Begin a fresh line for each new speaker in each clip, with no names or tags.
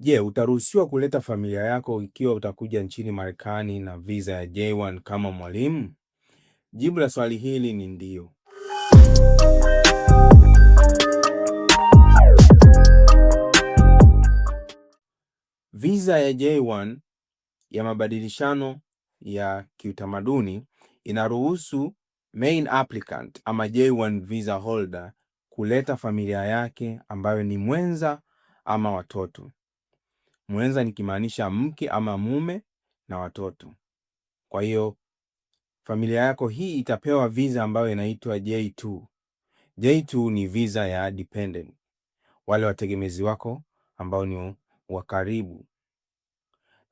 Je, utaruhusiwa kuleta familia yako ikiwa utakuja nchini Marekani na visa ya J1 kama mwalimu? Jibu la swali hili ni ndio. Visa ya J1 ya mabadilishano ya kiutamaduni inaruhusu main applicant ama J1 visa holder kuleta familia yake ambayo ni mwenza ama watoto mwenza nikimaanisha mke ama mume na watoto. Kwa hiyo familia yako hii itapewa visa ambayo inaitwa J2. J2 ni visa ya dependent, wale wategemezi wako ambao ni wa karibu,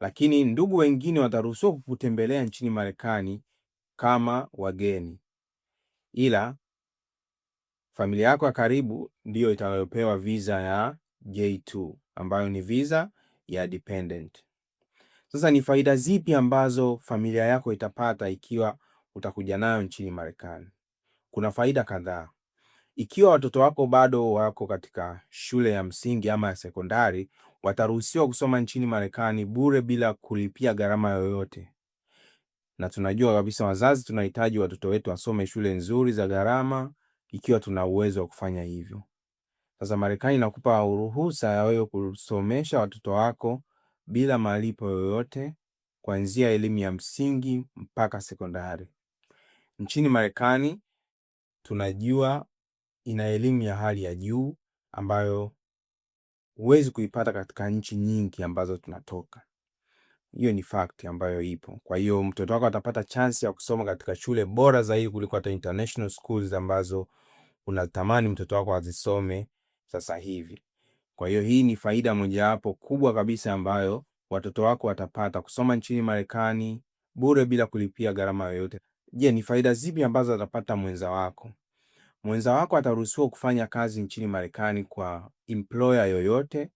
lakini ndugu wengine wataruhusiwa kukutembelea nchini Marekani kama wageni, ila familia yako ya karibu ndiyo itakayopewa visa ya J2 ambayo ni visa ya dependent. Sasa ni faida zipi ambazo familia yako itapata ikiwa utakuja nayo nchini Marekani? Kuna faida kadhaa. Ikiwa watoto wako bado wako katika shule ya msingi ama ya sekondari, wataruhusiwa kusoma nchini Marekani bure bila kulipia gharama yoyote, na tunajua kabisa wazazi tunahitaji watoto wetu wasome shule nzuri za gharama, ikiwa tuna uwezo wa kufanya hivyo. Sasa Marekani inakupa ruhusa ya wewe kusomesha watoto wako bila malipo yoyote kuanzia elimu ya msingi mpaka sekondari. Nchini Marekani tunajua ina elimu ya hali ya juu ambayo huwezi kuipata katika nchi nyingi ambazo tunatoka. Hiyo ni fact ambayo ipo. Kwa hiyo mtoto wako atapata chance ya kusoma katika shule bora zaidi kuliko hata international schools ambazo unatamani mtoto wako azisome sasa hivi. Kwa hiyo hii ni faida mojawapo kubwa kabisa ambayo watoto wako watapata kusoma nchini Marekani bure bila kulipia gharama yoyote. Je, ni faida zipi ambazo atapata mwenza wako? Mwenza wako ataruhusiwa kufanya kazi nchini Marekani kwa employer yoyote,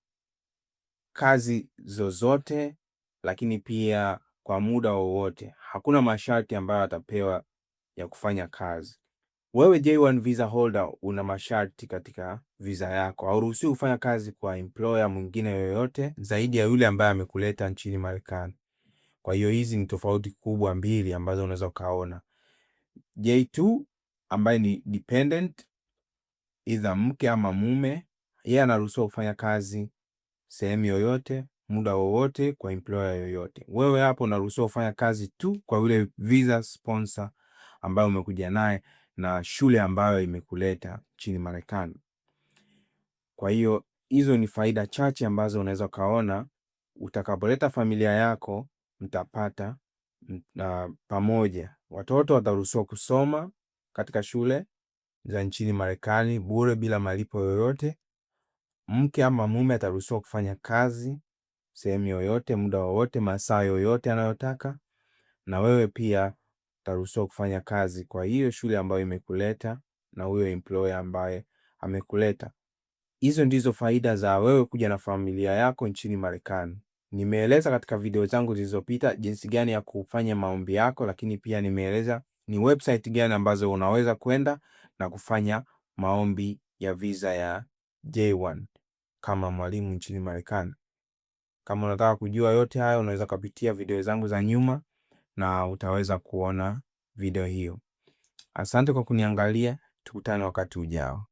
kazi zozote, lakini pia kwa muda wowote. Hakuna masharti ambayo atapewa ya kufanya kazi. Wewe J1 visa holder una masharti katika visa yako. Hauruhusiwi kufanya kazi kwa employer mwingine yoyote zaidi ya yule ambaye amekuleta nchini Marekani. Kwa hiyo hizi ni tofauti kubwa mbili ambazo unaweza ukaona. J2 ambaye ni dependent idha mke ama mume, yeye anaruhusiwa kufanya kazi sehemu yoyote muda wowote kwa employer yoyote. Wewe hapo unaruhusiwa kufanya kazi tu kwa yule visa sponsor ambayo umekuja naye na shule ambayo imekuleta nchini Marekani. Kwa hiyo hizo ni faida chache ambazo unaweza ukaona utakapoleta familia yako mtapata mta, mm, pamoja. Watoto wataruhusiwa kusoma katika shule za nchini Marekani bure bila malipo yoyote. Mke ama mume ataruhusiwa kufanya kazi sehemu yoyote, muda wowote, masaa yoyote anayotaka, na wewe pia utaruhusiwa kufanya kazi kwa hiyo shule ambayo imekuleta na huyo employer ambaye amekuleta. Hizo ndizo faida za wewe kuja na familia yako nchini Marekani. Nimeeleza katika video zangu zilizopita jinsi gani ya kufanya maombi yako, lakini pia nimeeleza ni website gani ambazo unaweza kwenda na kufanya maombi ya visa ya J1 kama mwalimu nchini Marekani. Kama unataka kujua yote hayo, unaweza kupitia video zangu za nyuma na utaweza kuona video hiyo. Asante kwa kuniangalia, tukutane wakati ujao.